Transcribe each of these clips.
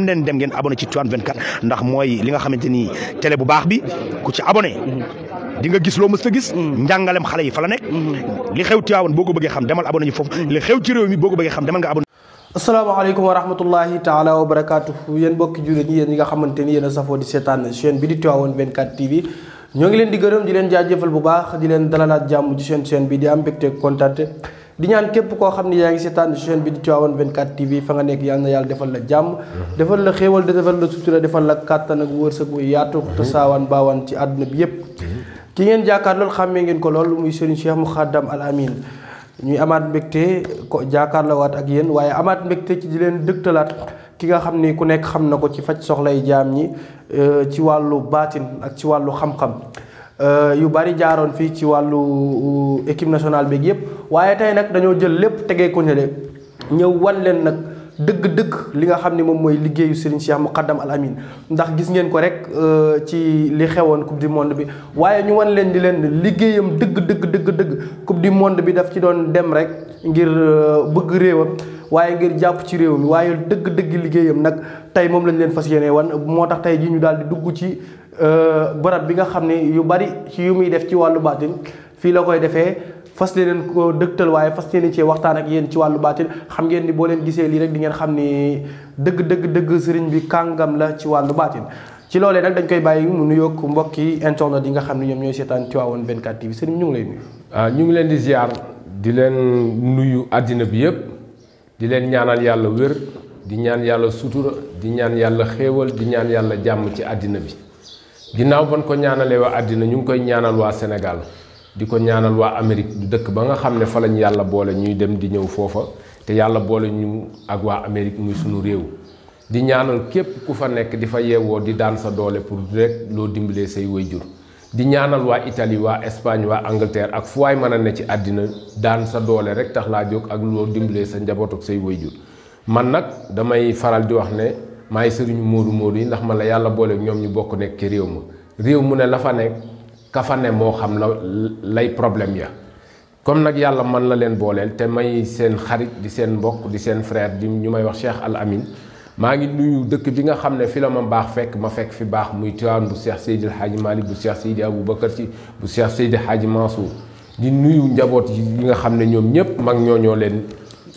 am leen dem ngeen abonné ci Tivaouane ndax mooy li nga xamante télé bu baax bi ku ci abonné di nga gis loo mës a gis njàngalem xale yi fa la nekk li xew Tivaouane boo ko bëggee xam demal abonné ñu li xew ci réew mi boo ko bëggee xam demal nga abonné asalaamaaleykum wa rahmatullahi taala wa barakaatu yéen mbokki jullit ñi nga xamante ni a safoo di seetaan chaîne bi di Tivaouane 24 TV ñoo ngi leen di gërëm di leen jaajëfal bu baax di leen dalalaat di ñaan képp koo xam ne yaa ngi seetaan chaîne bi di Tivaouane 24 TV fa nga nekk yal na yàlla defal la jàmm defal la xéewal de defal la sutura defal la kàttan ak wërsëg bu yaatu te saawaan baawaan ci àdduna bi yépp ki ngeen jaakaar loolu xàmmee ngeen ko lool muy Serigne Cheikh Moukhadam Al Amin ñuy amaat mbégte ko jaakaar la waat ak yéen waaye amaat mbégte ci di leen dëgtalaat ki nga xam ni ku nekk xam na ko ci faj soxlay jaam ñi euh, ci wàllu baatin ak ci wàllu xam Euh, yu bari jaaroon fii ci wàllu euh, équipe nationale beeg yëpp waaye tey nag dañoo jël lépp tegee ko ne ñëw wan leen nag. dëgg-dëgg li nga xam ni moom mooy liggéeyu Serigne Cheikh Moukhadam Al Amine ndax gis ngeen ko rek euh, ci li xewoon coupe du monde bi waaye ñu wan leen di leen liggéeyam dëgg dëgg dëgg dëgg coupe du monde bi daf ci doon dem rek ngir euh, bëgg réewam waaye ngir jàpp ci réew mi waaye dëgg-dëgg liggéeyam nag tey moom lañ leen fas yéene wan moo tax tey ji ñu daal di dugg ci euh, barab bi nga xam ne yu bari ci yu muy def ci wàllu baatin fii la koy defee. fas leen ko deugtal waye fas leen ci waxtaan ak yeen ci walu batil xam ngeen ni bo leen gisee li rek di ngeen xam ni deug deug deug sëriñ bi kangam la ci walu batil ci lolé nak dañ koy bayyi mu nuyoog mbokki internet yi nga xam ñom ñoy ñooy ci Tivaouane 24 TV sëriñ ñu ngi lay nuyu. Ah, ñu ngi leen di ziar di leen nuyu adina bi yëpp di leen ñaanal yalla wër di ñaan yalla sutura di ñaan yalla xéewal di ñaan yalla jamm ci adina bi ginaaw ban ko ñaanalee wa adina ñu ngi koy ñaanal wa Sénégal di ko ñaanal waa Amérique du dëkk ba nga xam ne fa lañ yàlla boole ñuy dem di ñëw foofa te yàlla boole ñu ak waa Amérique muy sunu réew di ñaanal képp ku fa nekk di fa yeewoo di daan sa doole pour rek loo dimbalee say jur di ñaanal waa itali waa Espagne waa Angleterre ak fu waay mën a ne ci àddina daan sa doole rek tax laa jóg ak loo dimbalee sa njaboot ak say waajur man nag damay faral di wax ne maay sëriñu Modou Modou yi ndax ma la yàlla boole ñoom ñu bokk nekk ci réew mu kafa ne moo xam la lay problème ya comme nag yàlla man la leen booleel te may seen xarit di seen mbokk di seen frère di ñu may wax Cheikh Al Amin maa ngi nuyu dëkk bi nga xam ne fi la ma baax fekk ma fekk fi baax muy Tiwaan bu seex Seydi El Hadji Malick bu Cheikh Seydi Aboubacar si bu seex Seydi Hadji Mansour di nuyu njaboot yi nga xam ne ñoom ñëpp mag ñoo ñoo leen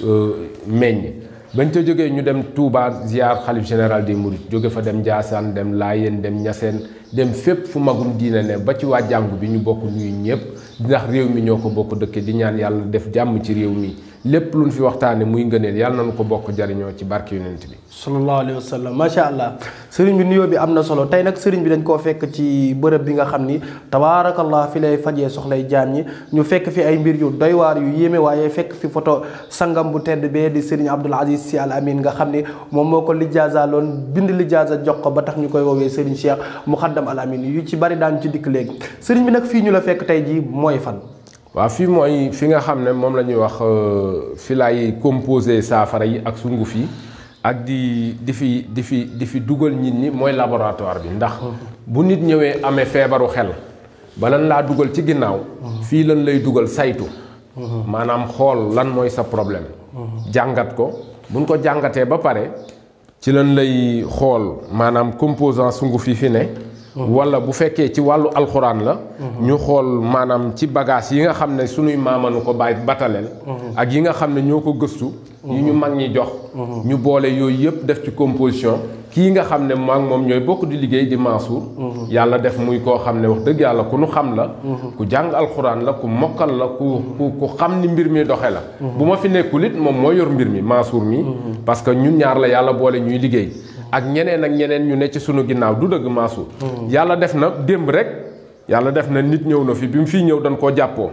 euh, meññ bañ ca jógee ñu dem tuubaa ziar xalif général des Mourides jóge fa dem Ndiassane dem Laayeen dem Ñaseen dem fépp fu magum diine ne ba ci waa jàngu bi ñu bokk nuyu ñëpp ndax réew mi ñoo ko bokk dëkke di ñaan yàlla def jàmm ci réew mi lépp luñ fi waxtane muy ngeenel yàlla nañ ko bokk jariño ci barki yonent bi sallallahu alayhi wasallam ma sha allah serigne bi nuyoo bi amna solo tay nak serigne bi dañ ko fekk ci bërëb bi nga xamni tabarakallah fi lay fajee soxlay jaam ñi ñu fekk fi ay mbir yu doy war yu yeme waye fekk fi photo sangam bu tedd be di serigne abdul Aziz si Al amin nga xamni mom moko moo ko lijaaza loon bind lijaaza jox ko ba tax ñukoy wowe serigne Cheikh Moukhadam Al amin yu ci bari daan ci dik leg serigne bi nak fi ñu la fekk tay ji moy fan waaw fii mooy fi nga xam ne moom la ñuy wax euh, fi laay composé saafara yi ak sunguf yi ak di di fi di fi di fi dugal nit ñi mooy laboratoire bi ndax bu nit ñëwee amee feebaru xel balan laa dugal ci ginnaaw fii lan lay dugal saytu maanaam xool lan mooy sa problème jàngat ko buñ ko jàngatee ba pare ci lan lay xool maanaam composant sunguf yi fi ne wala bu fekkee ci wàllu alxuraan la ñu xool maanaam ci bagage yi nga xam ne suñuy maamanu ko bàyyi bataleel mhm. ak yi nga xam ne ñoo ko gëstu yi ñu mhm. mag ñi jox mhm. ñu boole yooyu yëpp def ci composition kii nga xam ne maak moom ñooy bokk di liggéey di Mansour yàlla def muy koo xam ne wax dëgg yàlla ku nu xam la ku jàng alxuraan la ku mokkal la ku ku ku xam ni mbir mi doxe la bu ma fi nekkul it moom moo yor mbir mi Mansour mi parce que ñaar la yàlla boole ñuy liggéey ak ñeneen ak ñeneen ñu ne ci suñu ginnaaw du dëgg maasu yàlla def na démb rek yàlla def na nit ñëw na fi bi mu fii ñëw dañ koo jàppoo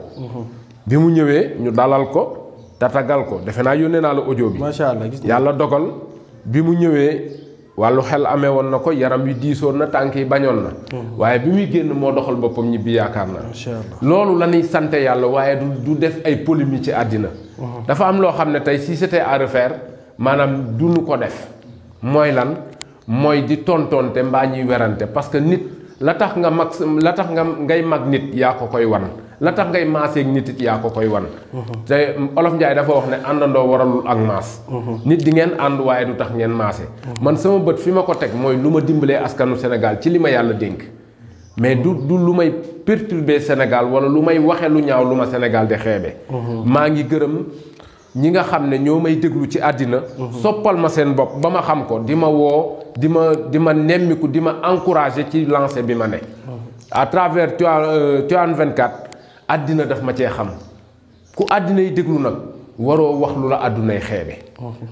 bi mu ñëwee ñu dalal ko tatagal ko defe naa yónnee naa la audio bi macha allah yàlla dogal bi mu ñëwee wàllu xel amee woon na ko yaram wi diisoon na tànk yi bañoon na waaye bi muy génn moo doxal boppam ñibbi yaakaar naa loolu la ñuy sante yàlla waaye du du def ay polémique ci àddina mhm. dafa am loo xam ne tey si c'était à refaire maanaam du nu def mooy lan Moy di tontonte mba ñi werante parce que nit la tax nga mag la tax nga ngay mag nit ya ko koy wan la tax ngay maaseeg nit nit ya ko koy wan te olof ndjay dafa wax ne andando waralul ak maas nit di ngeen and waye du tax ngeen maase man sama bët fi ma ko teg mooy lu askanu sénégal ci lima yalla yàlla dénk mais du du lumay perturber sénégal wala lumay waxé lu ñaaw luma sénégal di xébé ma ngi gëreum ñi nga xamné ñomay déglu ci adina mhm. soppal ma sen bop bama xam ko dima wo dima ma di ma nemmiku di ma ci lancer bima ma ne à travers Tivaouane 24 adina daf ma cee xam ku adina yi déglu nag waroo wax lu la àddunay xeebe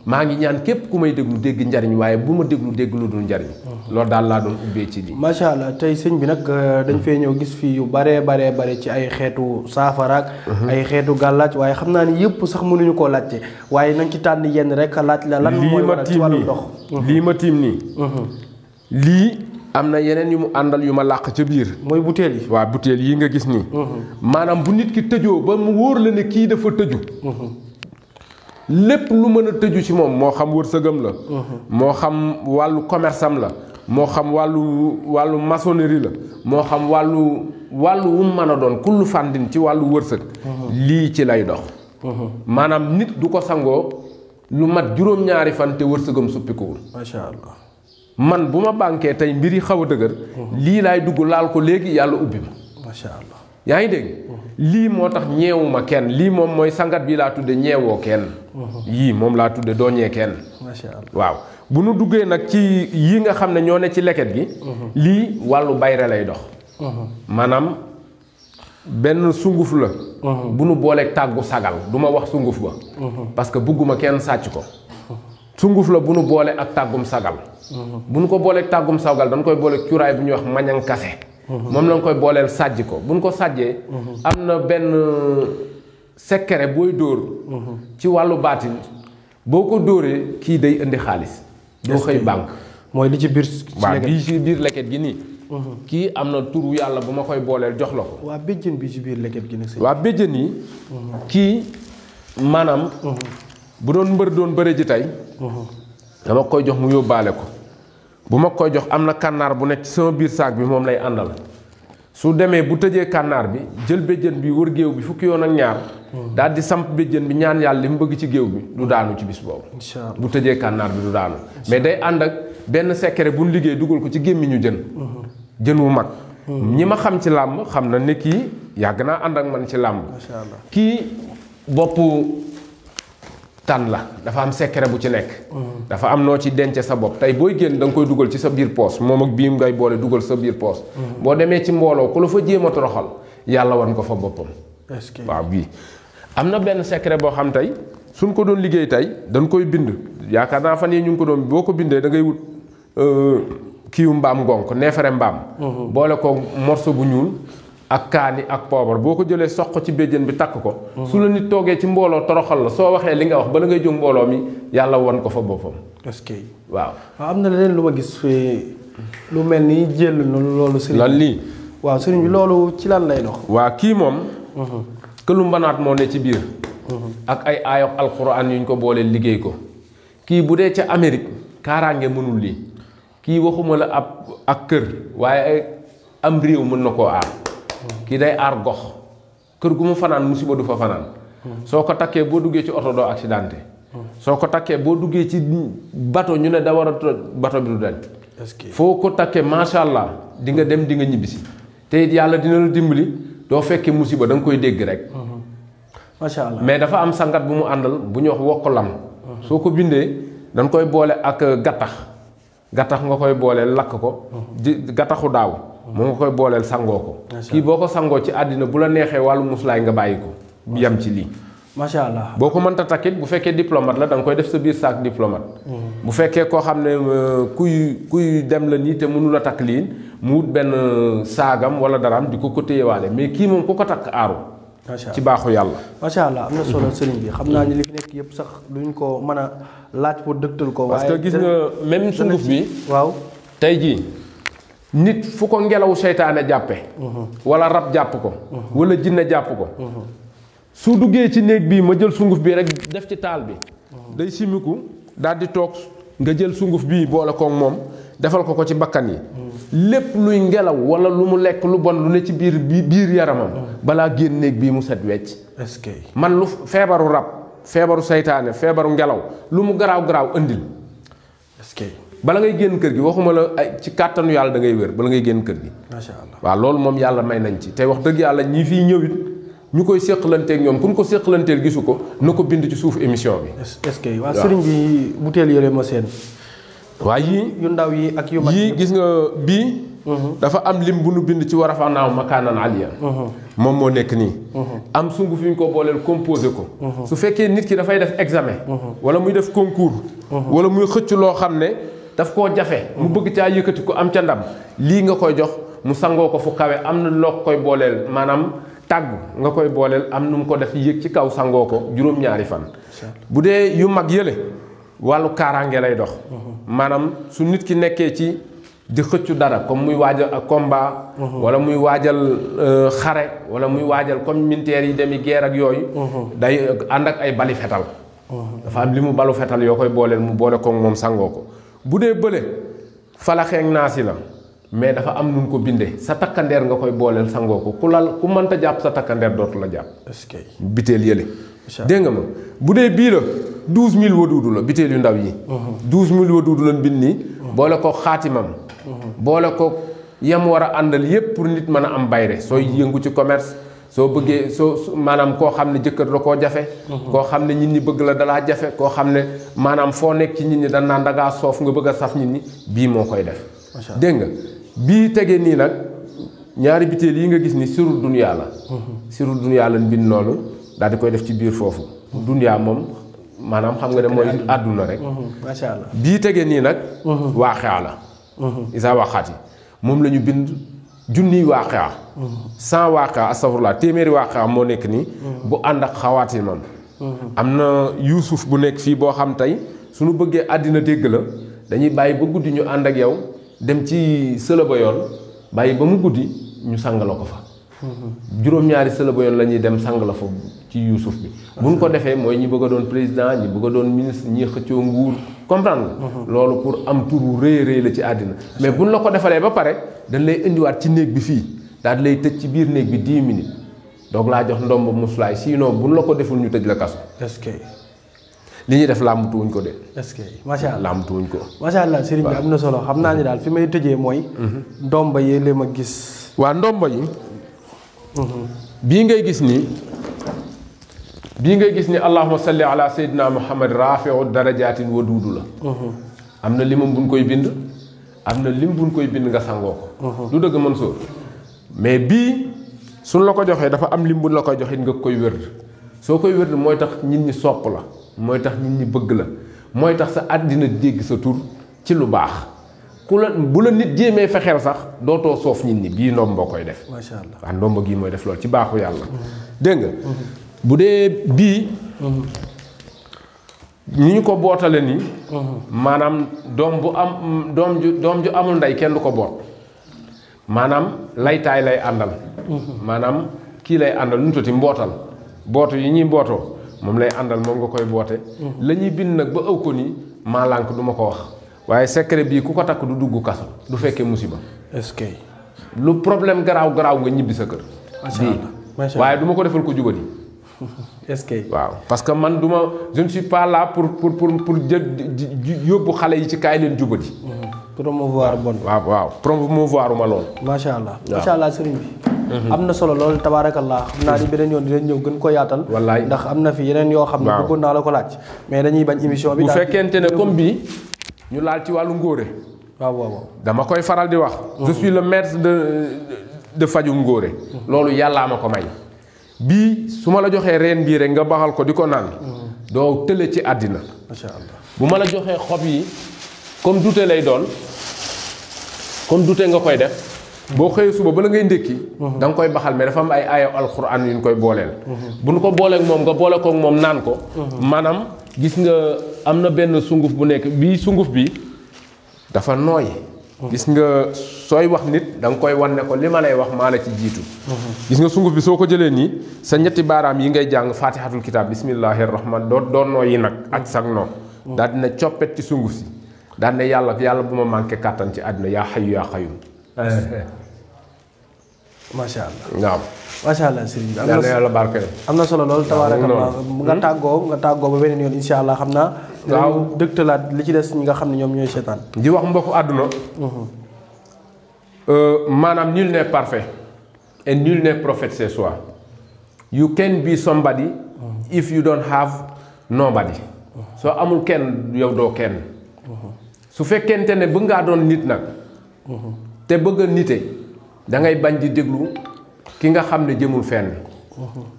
maa ngi ñaan képp ku may déglu dégg njariñ waaye bu ma déglu dégg lu dul njariñ loolu daal laa doon ubbee ci lii macha allah tey sëñ bi nag euh, dañ fee ñëw gis fii yu baree baree bare ci ay xeetu saafaraak mhm. ay xeetu gàllaaj waaye xam naa ni yëpp sax mënuñu koo laajte waaye nañ ci tànn yenn rek laaj la lan mooy waral ci wàllu ndox mhm. lii ma tiim nii mhm. lii am na yeneen yu mu àndal yu ma làq ca biir. mooy butéel yi. waaw butéel yi nga gis nii. maanaam bu nit mu wóor la kii dafa tëju. lépp lu mën a tëju ci moom moo xam wërsëgam la moo xam wàllu commerce la moo xam wàllu wàllu maçonnerie la moo xam wàllu wàllu wu mën a doon kullu fàndin ci wàllu wërsëg lii ci lay dox maanaam nit du ko sangoo lu mat juróom-ñaari fan te wërsëgam suppikuwul macha allah man bu ma bànkee tey mbir yi xaw a dëgër lii lay dugg laal ko léegi yàlla ubbi ma macha allah yaa dégg lii moo tax ñeewuma kenn lii moom mooy sangat bi laa tudde ñeewoo kenn uh-huh. yii moom laa tudde dooñee kenn macha waaw bu nu duggee nag ci yi nga xam ne ñoo ne ci leket gi uh-huh. lii wàllu bayre lay dox uh-huh. maanaam benn sunguf la bu nu booleeg tàggu sagal duma wax sunguf ba parce que bugguma kenn sàcc ko sunguf la bu nu boole ak tàggum sagal bu ko booleeg tàggum sagal dañ koy boole cuuraay bu ñuy wax mañankase mom la nga koy booleel sàjj ko buñ ko sàjjee amna ben secret boy dor ci walu batin boko doré ki day indi xaalis do xey bank moy li ci bir ci li ci bir leket gi ni ki amna turu yalla buma koy bolel jox lako wa bejeen bi ci bir leket gi ni wa bejeen ni ki manam bu doon mbeur doon beure ji tay dama koy jox mu yobale ko bu mag koy jox am na kànnaar bu nekk sama biir saak bi moom lay àndal su demee bu tëjee kànnaar bi jël béjjën bi wër géew bi fukki yoon ak ñaar hmm. daal di samp béjjën bi ñaan yàlla li mu bëgg ci géew bi du daanu ci bis boobu bu tëjee kànnaar bi du daanu mais day ànd ak benn secret bu ñu liggéey dugal ko ci gémmiñu jën hmm. jën wu mag hmm. ñi ma xam ci làmb xam na ne kii yàgg naa ànd ak man ci làmb kii boppu tànn la dafa am secret bu ci nekk. dafa am noo ci denc sa bopp tey booy génn da nga koy dugal ci sa biir poos moom ak biim ngay boole dugal sa biir poos. boo demee ci mbooloo ko la fa jéem a toroxal yàlla wan ko fa boppam. est-ce que waaw bii am na benn secret boo xam tey suñ ko doon liggéey tey dañ koy bind yaakaar naa fa yii ñu ngi ko doon boo ko bindee da ngay wut euh, kiiw mbaam ngonk neefere mbaam. Mhm. boole ko morceau bu ñuul. ak kaani ak poobar boo ko jëlee soq ci béjjén bi takk ko su la nit toogee ci mbooloo toroxal la soo waxee li nga wax bala ngay jóg mbooloo mi yàlla won ko fa boppam est que waaw waaw am na lu ma gis mel ni jël noonu loolu lii waaw sëriñ bi ci lan lay dox waa kii moom mhm. mbanaat moo ne ci biir mhm. ak ay aayox yuñ ko boolee liggéey ko kii bu dee ca Amérique kaaraange mënul lii kii waxuma la ab ak kër waaye am réew mën na koo aar kii day aar gox kër gu mu fanaan musiba du fa fanaan soo ko takkee boo duggee ci oto doo accidenté soo ko takkee boo duggee ci bato ñu ne da a bato bi du dañ foo ko takkee macha allah di nga dem di nga ñibbisi te yàlla dina la dimbali doo fekkee musiba da nga koy dégg rek mm-hmm. macha mais dafa am sangat bu mu àndal bu ñuy wax wokk lam mm-hmm. soo ko bindee dañ koy boole ak gattax gattax nga koy boole lakk ko mm-hmm. gattaxu daaw moo nga koy booleel sangoo ko. kii boo ko sangoo ci àddina bu la neexee wàllu muslaay nga bàyyi ko. yam ci lii. macha allah boo ko mënta takkit bu fekkee diplomate la da nga koy def sa biir saak diplomate. Mm-hmm. bu fekkee koo xam ne euh, kuy kuy dem la nii te mënu la takk liin mu wut benn euh, saagam wala daraam di ko ko téyewaale mais kii moom ku ko takk aaru. ci baaxu yàlla macha allah am na solo mm-hmm. sëriñ bi xam naa ni li fi nekk yëpp sax duñ ko mën a laaj pour dëgtal ko waaye que gis nga même bi waaw tey jii nit fu ko ngelaw seytaane jàppe wala rab jàpp ko wala jinne jàpp ko su duggee ci néeg bii ma jël sunguf bii rek def ci taal bi day simmiku daldi toog nga jël sunguf bii boole koog moom defal ko ko ci bakkan yi lépp luy ngelaw walla lu mu lekk lu bon lu ne ci biir biir yaramam balaa génn néeg bii mu set wecc est-ce man lu feebaru rab feebaru seytaane feebaru ngelaw lu mu garaaw garaaw andil bala ngay génn kër gi waxuma la ay ci kàttanu yàlla da ngay wér bala ngay génn kër gi. macha allah waaw loolu moom yàlla may nañ ci te wax dëgg yàlla ñi fiy ñëw it ñu koy séqalanteeg ñoom ku ko séqalanteel gisu ko na ko bind ci suuf émission bi. est-ce que waaw sëriñ bi yii yu ndaw yi ak yu mag yii gis nga bii. Mhm. dafa am lim bu nu bind ci war a fa naaw makaanan aliya mhm. moom moo nekk nii. Mhm. am sungu fi ñu ko booleel composé ko. su fekkee nit ki dafay def examen. wala muy def concours. wala muy xëcc daf koo jafe. mu bëgg caa yëkkati ko am ca ndam lii nga koy jox mu sangoo ko fu kawe am na loo koy booleel maanaam tàgg nga koy booleel am nu mu ko def yëg ci kaw sangoo ko juróom-ñaari fan. bu dee yu mag yële wàllu kaaraange lay dox. maanaam su nit ki nekkee ci. di xëccu dara comme muy waajal ak combat. Mhm. wala muy waajal euh, xare wala muy waajal comme militaire yi demi guerre ak yooyu. Mhm. day ànd ak ay bali fetal. Mhm. dafa am li mu balu fetal yoo koy booleel mu boole ko moom sangoo ko. bu dee bële falaxeek naasi la mais dafa am nun ko binde sa takkandeer nga koy booleel sangoo ko ku lal ku mënta jàpp sa takkandeer dootu la jàpp. biteel yële. dégg nga ma bu dee bii la douze mille waduudu la biteel yu ndaw yi. Mhm. douze mille waduudu lañ bind nii. Mhm. boole ko xaatimam. Mhm. boole ko yam war a àndal yépp pour nit mën a am bayre sooy yëngu ci commerce. soo bëggee soo maanaam koo xam ne jëkkër la koo jafe mhm. koo xam ne nit ñi bëgg la dalaa jafe koo xam ne maanaam foo nekk ci nit ñi dañ naan dangaa soof nga bëgg a saf nit ñi bii moo koy def dégg nga bii tegee nii nag ñaari biteel yi nga gis ni sirul dunyaa la mhm. sirul dunyaa lan bind noonu daal di koy def ci biir foofu mhm. dunyaa moom maanaam xam nga ne mooy àdduna rek macha allah bii tegee nii nag waaxaa la isaa waxaat yi moom la bind junniy waaqia cent waaqia astafurlah téeméeri waaqia moo nekk nii bu ànd ak xawaatimam am na yuusuf bu nekk fii boo xam tey nu bëggee àddina dégg la dañuy bàyyi ba guddi ñu ànd ak yow dem ci sëla yoon bàyyi ba mu guddi ñu sàngala ko fa juróom-ñaari sëla yoon la ñuy dem sang la fa ci Youssouf bi buñ ko defee mooy ñi bëgg a doon président ñi bëgg a doon ministre ñi xëccoo nguur comprendre mhm. loolu pour am turu rëy rëy la ci àddina mais bu buñ la ko defalee ba pare dañ lay indiwaat ci néeg bi fii daal lay tëj ci biir néeg bi 10 minutes donc laa jox ndomb musulaay sinon buñ la ko deful ñu tëj la kaso est-ce que li ñu def làmbatuwuñ ko de. est-ce que macha allah làmbatuwuñ ko. macha allah sëriñ bi am na solo xam naa ne mhm. daal fi may tëjee mooy. Mhm. ndomba yee la ma gis. waa ndomba yi. bii ngay gis ni bii ngay gis ni allahuma salli ala sayyidina muhammad rafiu darajaatin waduudu la am na limam buñ koy bind am na lim buñ koy bind nga sangoo ko du mhm. dëgg mën sóor mais bii suñ la ko joxee dafa am lim buñ la ko joxit nga koy wér soo koy wér mooy tax nit ñi sopp la mooy tax nit ñi bëgg la mooy tax sa àddina dégg sa tur ci lu baax ku la bu la nit jéemee fexeel sax dootoo soof nit ñi bii boo koy def. macha allah waaw gii mooy def loolu ci baaxu yàlla. Mm-hmm. dégg nga. Mm-hmm. bu dee bii. Mm-hmm. ni ñu ko bootale nii. maanaam doom bu am doom ju doom ju amul ndey kenn du ko boot maanaam laytaay lay àndal. maanaam kii lay àndal nu mu tuuti mbootal bootu yi ñuy bootoo moom lay àndal moom nga koy boote. la ñuy bind nag ba ëw ko nii maa lànk ma ko wax. waaye secret bi kuko ko du duggu kasso du fekke musiba. est-ce que lu problème graw graw nga ñibi sa kër. macha allah waaye du ko defal ko jubadi. est-ce que waaw parce que man duma je ne suis pas là pour pour pour pour yobbu xalé yi ci kay leen jubadi. Mhm. promouvoir bon waaw waaw promouvoir ma lool. macha allah macha allah sëriñ bi. Mhm. amna solo lool tabarakallah xam di benen mhm. beneen yoon dinañ ñew gën ko yaatal. ndax amna fi yenen yo xam ne. waaw bëggoon la ko lacc mais dañuy bañ émission bi. bu fekente ne comme bi ñu laal ci wàllu ngóore. waaw waaw dama koy faral di wax. je suis le maître de de faju ngoré loolu yalla ma may. bi suma la joxé reen bi rek nga baxal ko diko ko do teulé tële ci àddina. macha allah bu ma la joxee xob yi comme dute lay doon comme dute nga koy def. boo xëyee suba bala ngay ndékki. Mhm. dang koy baxal mais dafa am ay aya alxuraan yu ñu koy booleel. Mhm. bu ñu ko booleeg moom nga boole ak mom nan ko. manam mhm. gis nga am na benn sunguf bu nekk bii sunguf bi dafa nooy gis nga sooy wax nit da koy wan ne ko li ma lay wax maa la ci jiitu gis nga sunguf bi soo ko jëlee nii sa ñetti baaraam yi ngay jàng faatihatul kitaab bismillahi rahman doo doo nooy yi nag ak sag noon daal dina coppet ci sunguf si daal ne yàlla yàlla bu ma manqué kàttan ci àddina yaa xayu yaa xayum macha allah macha allah sëriñ bi am na yàlla barkeel am na solo lool tabaarakallah nga tàggoo nga tàggoo ba beneen yoon insha allah xam naa waaw dëgtalaat li ci des ñi nga xam ne ñoom ñooy seetaan di wax mbokku àdduna mhm. euh, maanaam nul n'est parfait et nul n'est prophète chez soi you can be somebody mhm. if you don't have nobody mhm. soo amul kenn yow doo kenn su fekkente ne bëgg ngaa doon nit nag te bëgg a nite da ngay bañ di déglu ki nga xam ne jëmul fenn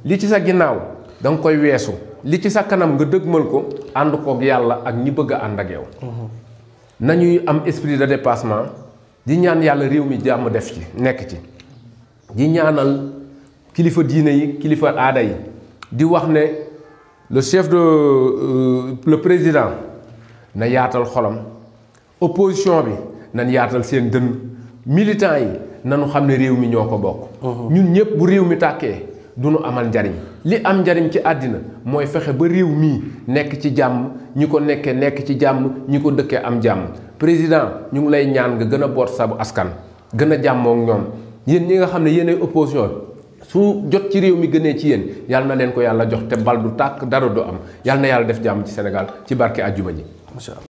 li ci sa ginnaaw danga koy weesu li ci sa kanam nga dëgmal ko ànd koog yàlla ak ñi bëgg a ànd ak yow am esprit de dépassement di ñaan yàlla réew mi jàmm def ci nekk ci di ñaanal kilifa diine yi kilifa aada yi di wax ne le chef de euh, le président na yaatal xolom opposition bi nañ yaatal seen dënn militants yi nanu xam ne réew mi ñoo ko bokk. ñun ñëpp bu réew mi tàkkee du nu amal njariñ li am njariñ ci àddina mooy fexe ba réew mii nekk ci jàmm ñi ko nekkee nekk ci jàmm ñi ko dëkkee am jàmm président ñu ngi lay ñaan nga gën a boot sabu askan gën a jàmmoo ak ñoom yéen ñi nga xam ne yéenay opposition su jot ci réew mi gënee ci yéen yàlla na leen ko yàlla jox te bal du tàkk dara du am yàlla na yàlla def jàmm ci Sénégal ci barke àjjuma ji